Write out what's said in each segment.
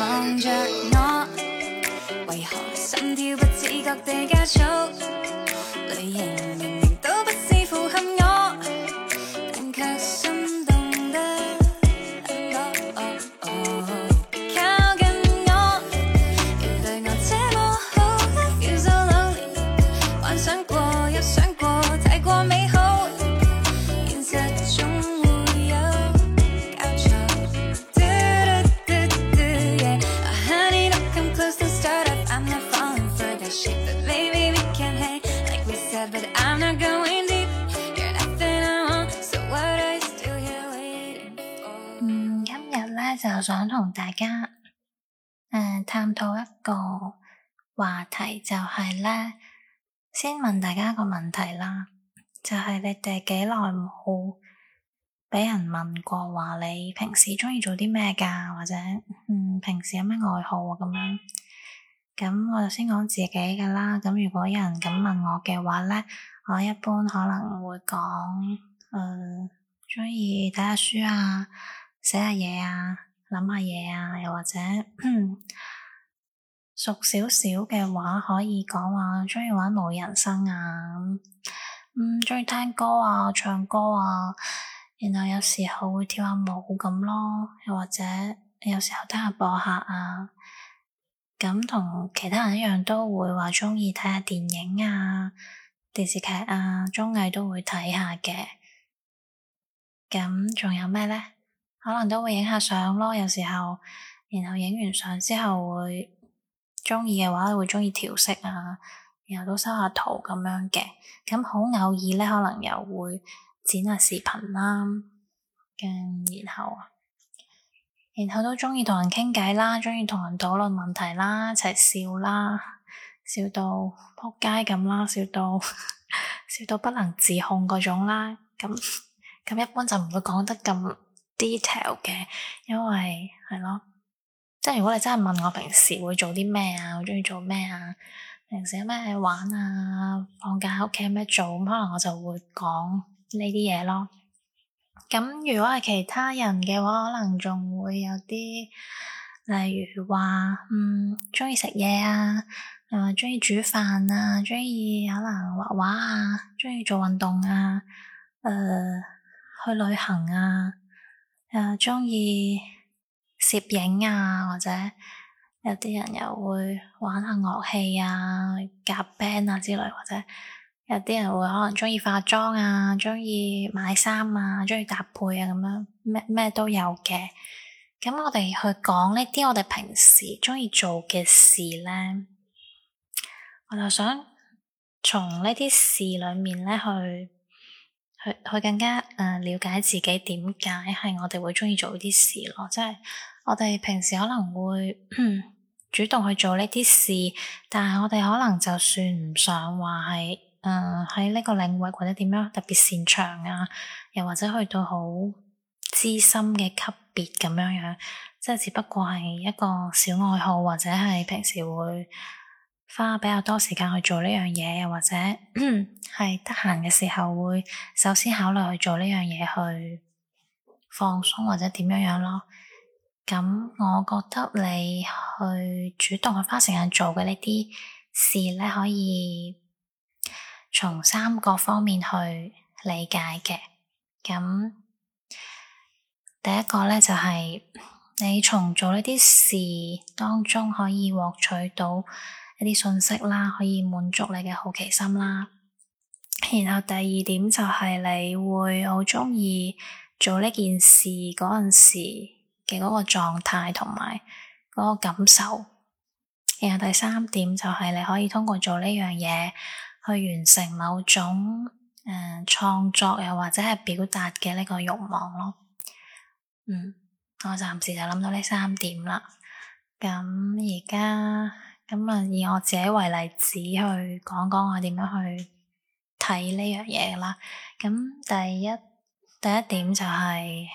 望着我，為何心跳不自覺地加速？旅程大家誒、呃，探討一個話題就係、是、咧，先問大家一個問題啦，就係、是、你哋幾耐冇俾人問過話，你平時鍾意做啲咩噶，或者嗯平時有咩愛好咁、啊、樣？咁我就先講自己噶啦。咁如果有人咁問我嘅話咧，我一般可能會講誒，鍾意睇下書啊，寫下嘢啊。諗下嘢啊，又或者 熟少少嘅話，可以講話鍾意玩模擬人生啊，嗯，鍾意聽歌啊，唱歌啊，然後有時候會跳下舞咁咯，又或者有時候聽下播客啊，咁同其他人一樣都會話鍾意睇下電影啊、電視劇啊、綜藝都會睇下嘅，咁仲有咩咧？可能都會影下相咯，有時候然後影完相之後會鍾意嘅話會鍾意調色啊，然後都修下圖咁樣嘅，咁好偶爾咧可能又會剪下視頻啦，跟然後然後都鍾意同人傾偈啦，鍾意同人討論問題啦，一齊笑啦，笑到撲街咁啦，笑到， 笑到不能自控嗰種啦，咁咁一般就唔會講得咁 detail 嘅，因為係咯，即係如果你真係問我平時會做啲咩啊，我中意做咩啊，平時有咩玩啊，放假喺屋企有咩做，可能我就會講呢啲嘢咯。咁如果係其他人嘅話，可能仲會有啲，例如話，嗯，中意食嘢啊，誒中意煮飯啊，中意可能畫畫啊，中意做運動啊，誒、呃，去旅行啊。誒，中意攝影啊，或者有啲人又會玩下樂器啊、夾 band 啊之類，或者有啲人會可能中意化妝啊、中意買衫啊、中意搭配啊咁樣，咩咩都有嘅。咁我哋去講呢啲我哋平時中意做嘅事咧，我就想從呢啲事裏面咧去。去去更加誒，呃、了解自己點解係我哋會中意做呢啲事咯，即係我哋平時可能會主動去做呢啲事，但係我哋可能就算唔想話係誒，喺呢個領域或者點樣特別擅長啊，又或者去到好資深嘅級別咁樣樣，即係只不過係一個小愛好或者係平時會。花比較多時間去做呢樣嘢，又或者係得閒嘅時候會首先考慮去做呢樣嘢去放鬆，或者點樣樣咯。咁我覺得你去主動去花時間做嘅呢啲事咧，可以從三個方面去理解嘅。咁第一個咧就係你從做呢啲事當中可以獲取到。一啲信息啦，可以滿足你嘅好奇心啦。然後第二點就係你會好中意做呢件事嗰陣時嘅嗰個狀態同埋嗰個感受。然後第三點就係你可以通過做呢樣嘢去完成某種誒、呃、創作又或者係表達嘅呢個欲望咯。嗯，我暫時就諗到呢三點啦。咁而家。咁啊，以我自己為例子去講講我點樣去睇呢樣嘢啦。咁第一第一點就係，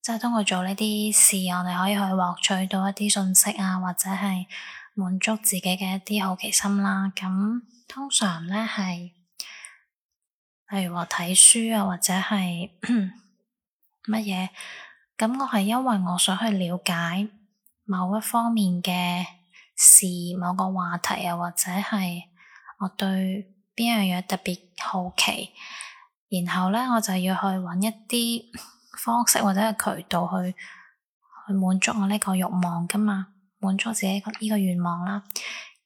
即係通過做呢啲事，我哋可以去獲取到一啲信息啊，或者係滿足自己嘅一啲好奇心啦。咁通常咧係，例如話睇書啊，或者係乜嘢，咁 我係因為我想去了解某一方面嘅。是某個話題，又或者係我對邊樣嘢特別好奇，然後咧我就要去揾一啲方式或者係渠道去去滿足我呢個慾望㗎嘛，滿足自己呢個願望啦。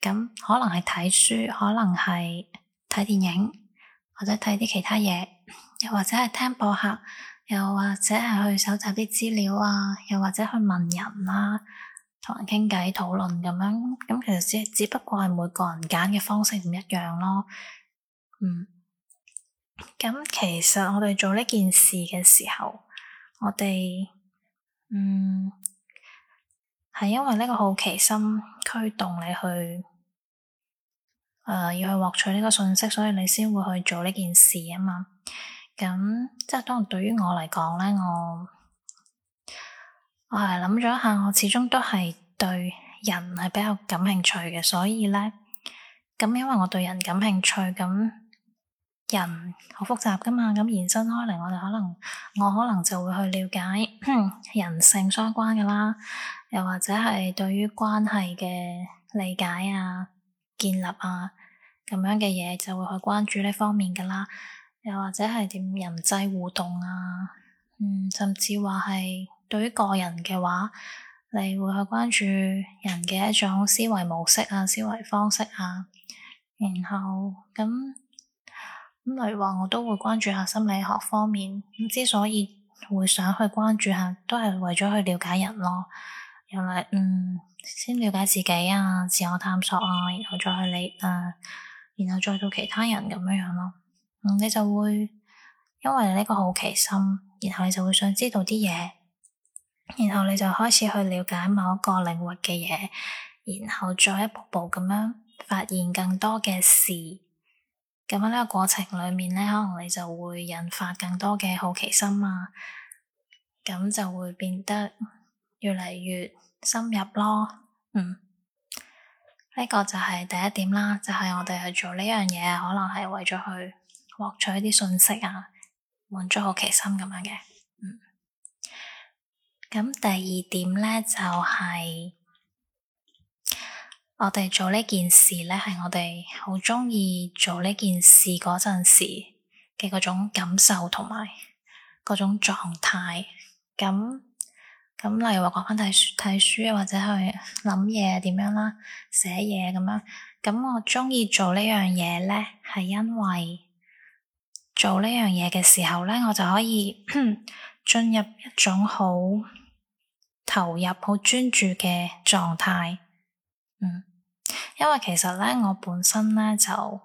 咁可能係睇書，可能係睇電影，或者睇啲其他嘢，又或者係聽播客，又或者係去搜集啲資料啊，又或者去問人啦，啊。同人傾偈討論咁樣，咁其實只只不過係每個人揀嘅方式唔一樣咯。嗯，咁其實我哋做呢件事嘅時候，我哋嗯係因為呢個好奇心驅動你去誒、呃、要去獲取呢個信息，所以你先會去做呢件事啊嘛。咁即係當對於我嚟講咧，我。我係諗咗一下，我始終都係對人係比較感興趣嘅，所以咧咁，因為我對人感興趣，咁人好複雜噶嘛，咁延伸開嚟，我哋可能我可能就會去了解人性相關噶啦，又或者係對於關係嘅理解啊、建立啊咁樣嘅嘢，就會去關注呢方面噶啦，又或者係點人際互動啊，嗯，甚至話係。對於個人嘅話，你會去關注人嘅一種思維模式啊、思維方式啊。然後咁咁，例如話我都會關注下心理學方面。咁之所以會想去關注下，都係為咗去了解人咯。原嚟嗯，先了解自己啊，自我探索啊，然後再去理啊，然後再到其他人咁樣樣咯，嗯。你就會因為呢個好奇心，然後你就會想知道啲嘢。然後你就開始去了解某一個領域嘅嘢，然後再一步步咁樣發現更多嘅事。咁喺呢個過程裏面咧，可能你就會引發更多嘅好奇心啊，咁就會變得越嚟越深入咯。嗯，呢、這個就係第一點啦，就係、是、我哋去做呢樣嘢，可能係為咗去獲取一啲信息啊，滿足好奇心咁樣嘅。咁第二點咧，就係、是、我哋做呢件事咧，係我哋好鍾意做呢件事嗰陣時嘅嗰種感受同埋嗰種狀態。咁咁例如話講返睇書，睇書，或者去諗嘢點樣啦，寫嘢咁樣。咁我鍾意做呢樣嘢咧，係因為做呢樣嘢嘅時候咧，我就可以進 入一種好。投入好專注嘅狀態，嗯，因為其實咧，我本身咧就，誒、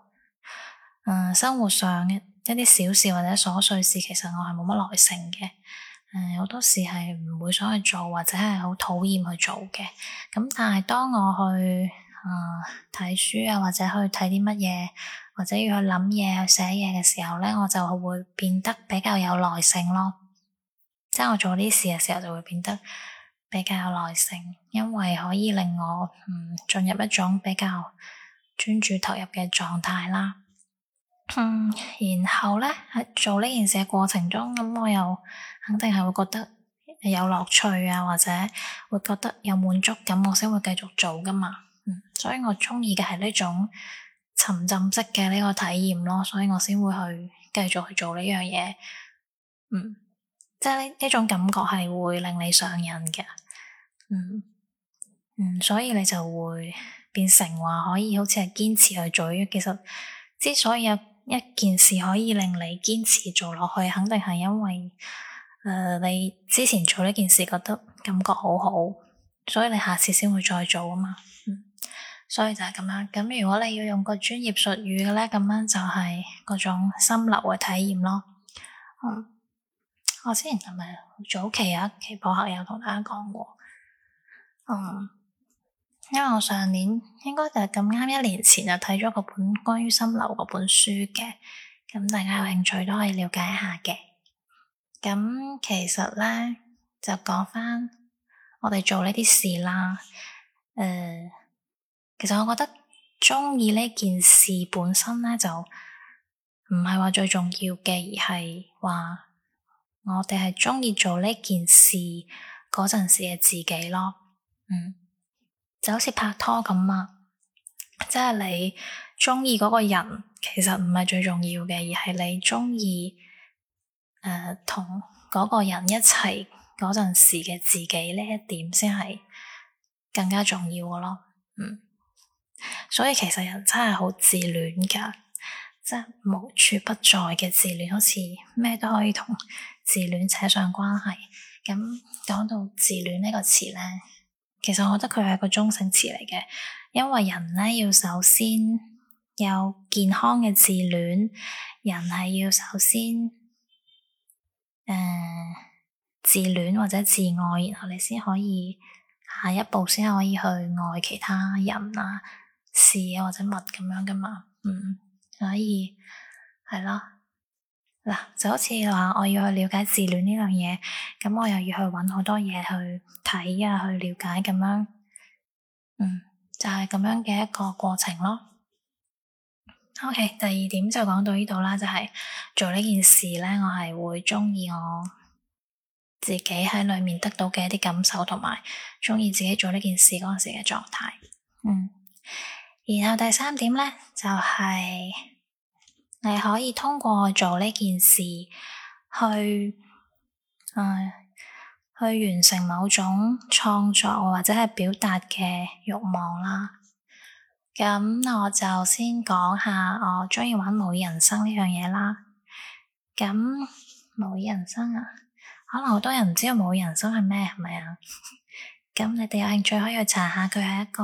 嗯，生活上一啲小事或者瑣碎事，其實我係冇乜耐性嘅。誒、嗯，好多時係唔會想去做，或者係好討厭去做嘅。咁、嗯、但係當我去誒睇、嗯、書啊，或者去睇啲乜嘢，或者要去諗嘢、寫嘢嘅時候咧，我就會變得比較有耐性咯。即係我做呢啲事嘅時候就會變得。比較有耐性，因為可以令我嗯進入一種比較專注投入嘅狀態啦。嗯，然後咧喺做呢件事嘅過程中，咁、嗯、我又肯定係會覺得有樂趣啊，或者會覺得有滿足感，我先會繼續做㗎嘛。嗯，所以我鍾意嘅係呢種沉浸式嘅呢個體驗咯，所以我先會去繼續去做呢樣嘢。嗯。即係呢，呢種感覺係會令你上癮嘅。嗯，嗯嗯，所以你就會變成話可以好似係堅持去做。其實之所以有一件事可以令你堅持做落去，肯定係因為誒、呃、你之前做呢件事覺得感覺好好，所以你下次先會再做啊嘛。嗯，所以就係咁啦。咁如果你要用個專業術語嘅咧，咁樣就係嗰種心流嘅體驗咯。嗯。我之前係咪早期有一期博客有同大家講過，嗯，因為我上年應該就咁啱一年前就睇咗個本關於心流嗰本書嘅，咁大家有興趣都可以了解一下嘅。咁其實咧就講翻我哋做呢啲事啦，誒、呃，其實我覺得中意呢件事本身咧就唔係話最重要嘅，而係話。我哋係中意做呢件事嗰陣時嘅自己咯，嗯，就好似拍拖咁啊，即係你中意嗰個人，其實唔係最重要嘅，而係你中意誒同嗰個人一齊嗰陣時嘅自己呢一點先係更加重要嘅咯，嗯，所以其實人真係好自戀噶。即係無處不在嘅自戀，好似咩都可以同自戀扯上關係。咁講到自戀呢個詞咧，其實我覺得佢係一個中性詞嚟嘅，因為人咧要首先有健康嘅自戀，人係要首先誒、呃、自戀或者自愛，然後你先可以下一步先可以去愛其他人啊，事啊，或者物咁樣噶嘛，嗯。所以係咯，嗱，就好似話我要去了解自戀呢樣嘢，咁我又要去揾好多嘢去睇啊，去了解咁樣，嗯，就係咁樣嘅一個過程咯。OK，第二點就講到呢度啦，就係做呢件事咧，我係會中意我自己喺裏面得到嘅一啲感受，同埋中意自己做呢件事嗰陣時嘅狀態，嗯。然後第三點咧，就係、是、你可以通過做呢件事去，誒、嗯，去完成某種創作或者係表達嘅慾望啦。咁我就先講下我鍾意玩模擬人生呢樣嘢啦。咁模擬人生啊，可能好多人唔知道模擬人生係咩，係咪啊？咁 你哋有興趣可以去查下，佢係一個。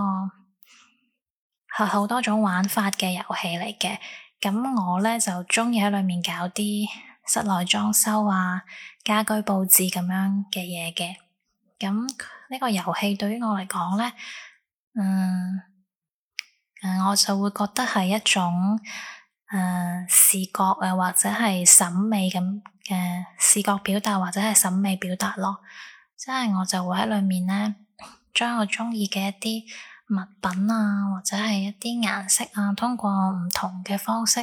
係好多種玩法嘅遊戲嚟嘅，咁我咧就中意喺裏面搞啲室內裝修啊、家居布置咁樣嘅嘢嘅。咁呢個遊戲對於我嚟講咧，嗯，誒、呃，我就會覺得係一種誒、呃、視覺啊，或者係審美咁嘅、呃、視覺表達，或者係審美表達咯。即係我就會喺裏面咧，將我中意嘅一啲。物品啊，或者係一啲顏色啊，通過唔同嘅方式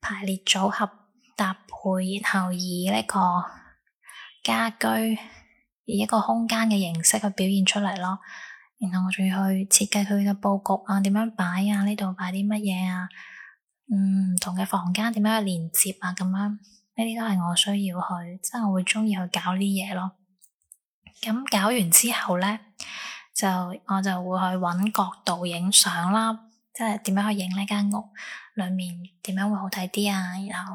排列組合搭配，然後以一個家居以一個空間嘅形式去表現出嚟咯。然後我仲要去設計佢嘅布局啊，點樣擺啊？呢度擺啲乜嘢啊？嗯，唔同嘅房間點樣去連接啊？咁樣呢啲都係我需要去，即係我會中意去搞呢啲嘢咯。咁搞完之後咧。就我就會去揾角度影相啦，即係點樣去影呢間屋裏面點樣會好睇啲啊？然後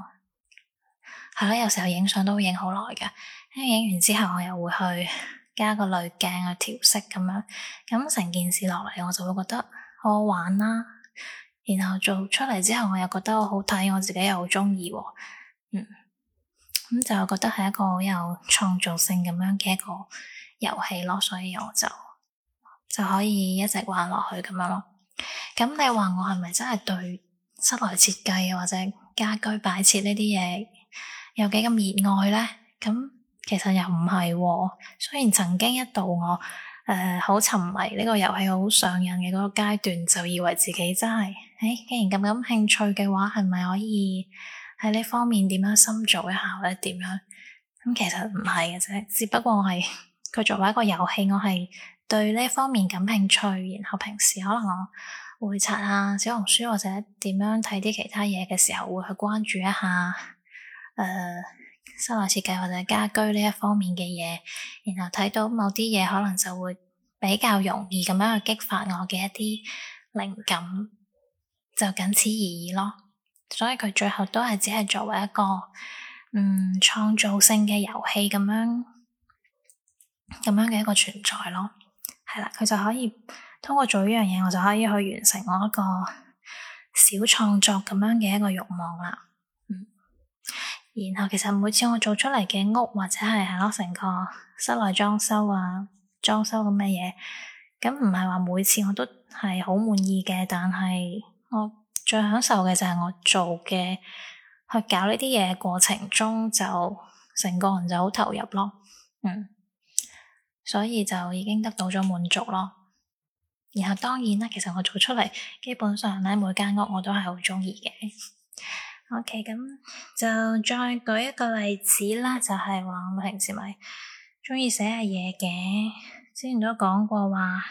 係咯，有時候影相都會影好耐嘅，因為影完之後我又會去加個濾鏡啊，調色咁樣，咁成件事落嚟，我就會覺得好好玩啦、啊。然後做出嚟之後我又覺得好好睇，我自己又好中意，嗯，咁就覺得係一個好有創造性咁樣嘅一個遊戲咯，所以我就。就可以一直玩落去咁樣咯。咁你話我係咪真係對室內設計或者家居擺設呢啲嘢有幾咁熱愛呢？咁其實又唔係，雖然曾經一度我誒好、呃、沉迷呢個遊戲，好上癮嘅嗰個階段，就以為自己真係誒、欸，既然咁感興趣嘅話，係咪可以喺呢方面點樣深造一下或者點樣？咁其實唔係嘅啫，只不過我係佢作為一個遊戲，我係。對呢方面感興趣，然後平時可能我會刷下小紅書或者點樣睇啲其他嘢嘅時候，會去關注一下，誒、呃，室內設計或者家居呢一方面嘅嘢，然後睇到某啲嘢可能就會比較容易咁樣去激發我嘅一啲靈感，就僅此而已咯。所以佢最後都係只係作為一個嗯，創造性嘅遊戲咁樣咁樣嘅一個存在咯。係啦，佢就可以通過做呢樣嘢，我就可以去完成我一個小創作咁樣嘅一個欲望啦。嗯，然後其實每次我做出嚟嘅屋或者係係咯成個室內裝修啊、裝修咁嘅嘢，咁唔係話每次我都係好滿意嘅，但係我最享受嘅就係我做嘅去搞呢啲嘢過程中就，就成個人就好投入咯。嗯。所以就已經得到咗滿足咯，然後當然啦，其實我做出嚟基本上咧，每間屋我都係好鍾意嘅。OK，咁就再舉一個例子啦，就係、是、話我平時咪鍾意寫下嘢嘅，之前都講過話，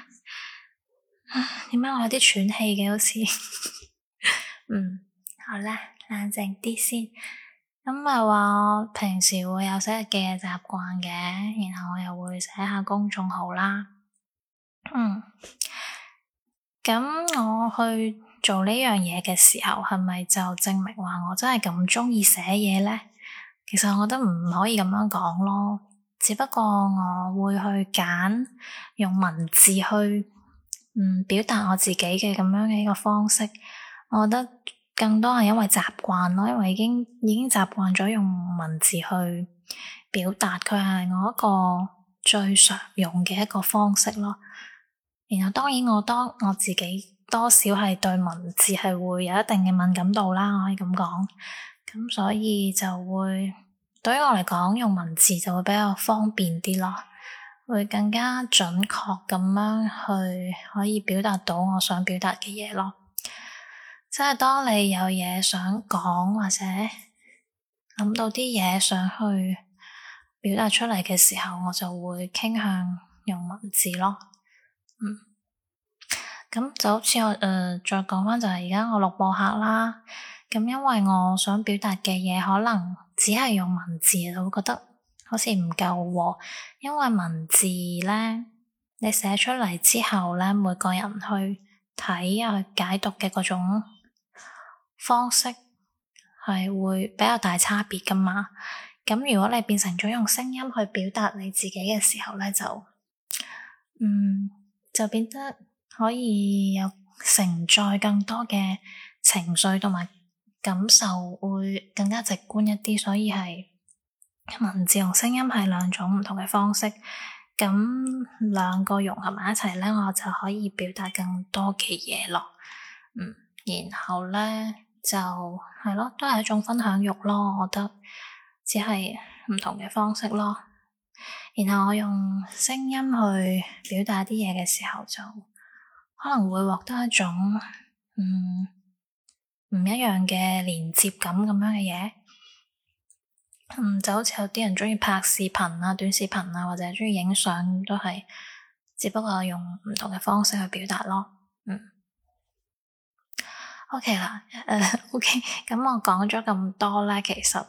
點、啊、解我有啲喘氣嘅好似？ 嗯，好啦，冷靜啲先。咁咪話我平時會有寫日記嘅習慣嘅，然後我又會寫下公眾號啦。嗯，咁我去做呢樣嘢嘅時候，係咪就證明話我真係咁中意寫嘢咧？其實我覺得唔可以咁樣講咯，只不過我會去揀用文字去嗯表達我自己嘅咁樣嘅一個方式，我覺得。更多係因為習慣咯，因為已經已經習慣咗用文字去表達，佢係我一個最常用嘅一個方式咯。然後當然我當我自己多少係對文字係會有一定嘅敏感度啦，我可以咁講咁，所以就會對於我嚟講用文字就會比較方便啲咯，會更加準確咁樣去可以表達到我想表達嘅嘢咯。即係當你有嘢想講，或者諗到啲嘢想去表達出嚟嘅時候，我就會傾向用文字咯。嗯，咁就好似我誒、呃，再講翻就係而家我錄播客啦。咁因為我想表達嘅嘢可能只係用文字，就會覺得好似唔夠喎，因為文字咧你寫出嚟之後咧，每個人去睇呀、去解讀嘅嗰種。方式係會比較大差別噶嘛，咁如果你變成咗用聲音去表達你自己嘅時候咧，就，嗯，就變得可以有承載更多嘅情緒同埋感受，會更加直觀一啲。所以係文字同聲音係兩種唔同嘅方式，咁兩個融合埋一齊咧，我就可以表達更多嘅嘢咯。嗯，然後咧。就係咯，都係一種分享欲咯，我覺得只係唔同嘅方式咯。然後我用聲音去表達啲嘢嘅時候，就可能會獲得一種唔、嗯、唔一樣嘅連接感咁樣嘅嘢。嗯，就好似有啲人鍾意拍視頻啊、短視頻啊，或者鍾意影相，都係只不過用唔同嘅方式去表達咯。O.K. 啦，O.K. 咁我講咗咁多咧，其實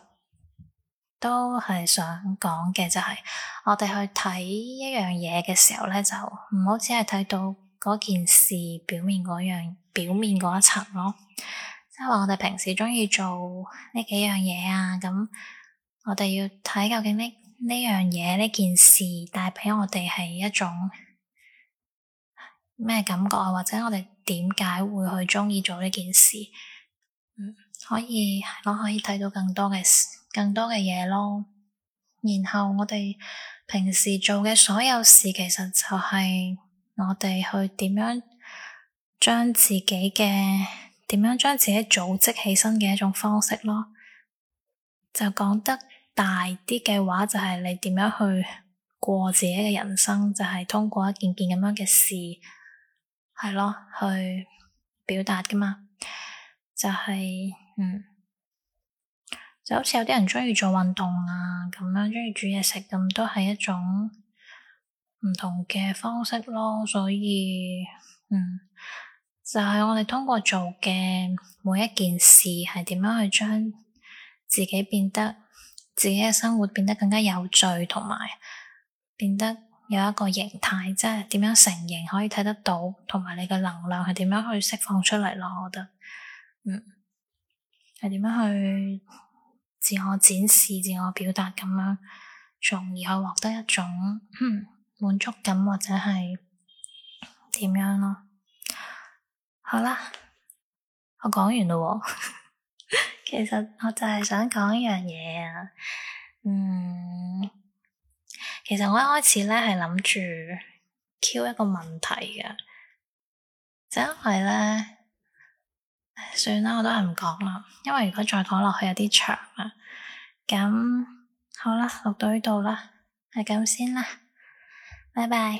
都係想講嘅就係，我哋去睇一樣嘢嘅時候咧，就唔好只係睇到嗰件事表面嗰樣表面嗰一層咯，即係話我哋平時中意做呢幾樣嘢啊，咁我哋要睇究竟呢呢樣嘢呢件事帶俾我哋係一種咩感覺啊？或者我哋點解會去中意做呢件事？嗯，可以我可以睇到更多嘅事，更多嘅嘢咯。然後我哋平時做嘅所有事，其實就係我哋去點樣將自己嘅點樣將自己組織起身嘅一種方式咯。就講得大啲嘅話，就係你點樣去過自己嘅人生，就係通過一件件咁樣嘅事。係咯，去表達㗎嘛，就係、是、嗯，就好似有啲人鍾意做運動啊，咁樣鍾意煮嘢食咁，都係一種唔同嘅方式咯。所以嗯，就係、是、我哋通過做嘅每一件事，係點樣去將自己變得，自己嘅生活變得更加有序，同埋變得。有一個形態，即係點樣成形，可以睇得到，同埋你嘅能量係點樣去釋放出嚟咯。我覺得，嗯，係點樣去自我展示，自我表達咁樣，從而去獲得一種嗯、滿足感或者係點樣咯？好啦，我講完啦喎。 其實我就係想講一樣嘢啊，嗯。其實我一開始咧係諗住 Q 一個問題嘅，就因為咧，算啦，我都係唔講啦，因為如果再講落去有啲長啊。咁好啦，錄到呢度啦，係咁先啦，拜拜。